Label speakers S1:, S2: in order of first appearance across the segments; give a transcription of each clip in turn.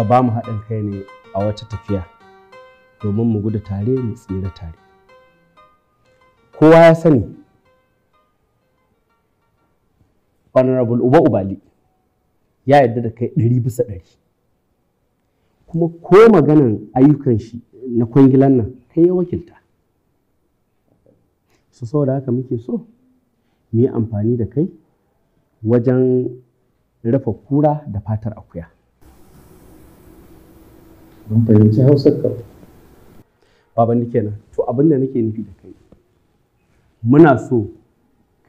S1: ka ba mu haɗin kai ne a wata tafiya domin mu gudu tare mu tsira tare kowa ya sani honorable uba ubali ya yarda da kai ɗari bisa ɗari kuma ko maganan ayyukan shi na kwangilan nan kai ya wakilta su saboda haka muke so mu yi amfani da kai wajen rafa kura da fatar akuya. mun fahimci hausar ka baban nake nan to abin da nake nufi da kai muna so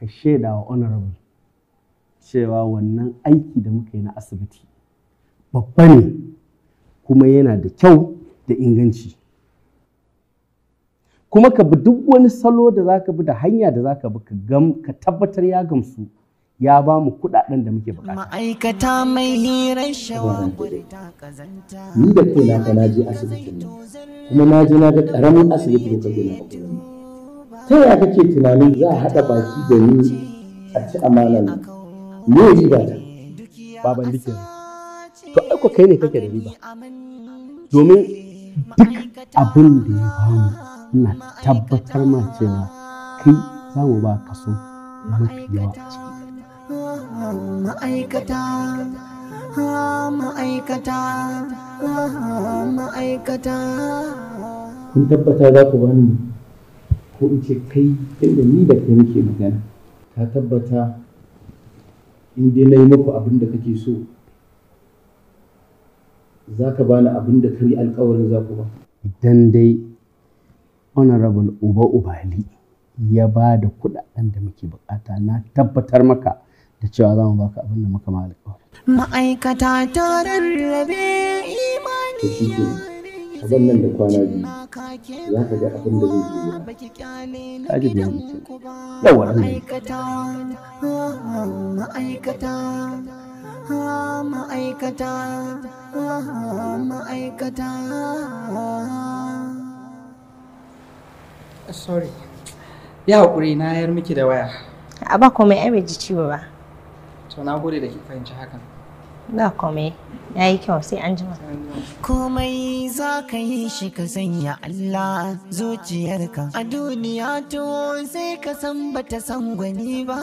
S1: ka shaida wa honorable cewa wannan aiki da muka yi na asibiti babba ne kuma yana da kyau da inganci kuma ka bi duk wani salo da za ka bi da hanya da za ka bi ka tabbatar ya gamsu ya ba mu kuɗaɗen da muke bukata. Ma'aikata mai hirar shawa ta kazanta. Ni da kaina fa na je asibitin kuma na ji na ga ƙaramin asibiti da kake na Ta yaya kake tunanin za a haɗa baki da ni a ci amanan me riba ta? Baban dikin. To aiko kai ne kake da riba. Domin duk abin da ya bamu ina tabbatar ma cewa kai za mu ba kaso mafi yawa a ciki. ma'aikata ma'aikata ma'aikata kun tabbata za ku bani ko in ce kai inda ni da kai muke magana ka tabbata in dai na yi muku abin da kake so za ka bani abin da ka yi alkawarin za ku ba idan dai honorable uba ubali ya ba da kuɗaɗen da muke bukata na tabbatar maka da cewa za mu baka abin da muka ma alƙawari. Ma'aikata ta rarrabe imani a nan da kwana biyu za ka ga abin da zai biyu ta ji biyu mutum yawa ma'aikata ma'aikata ma'aikata ma'aikata sorry ya haƙuri na yar miki da waya a ba komai ai bai ji ciwo ba so na gode da ki fahimci hakan ba komai ya yi kyau sai an jima komai za ka yi shi ka sanya Allah zuciyarka a duniya to sai ka san bata san gwani ba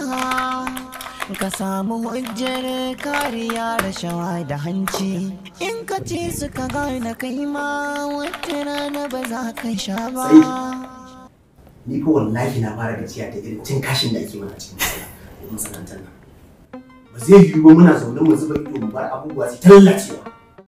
S1: ka samu hujjar kariya rashawa da hanci in ka ce suka gane kai ma wata rana ba za ka sha ba ni ko wallahi na fara gajiya da irin cin kashin da ake mana cikin masana'antar nan zai yiwu ba muna zaune mu zuba ido mu bar abubuwa su tallacewa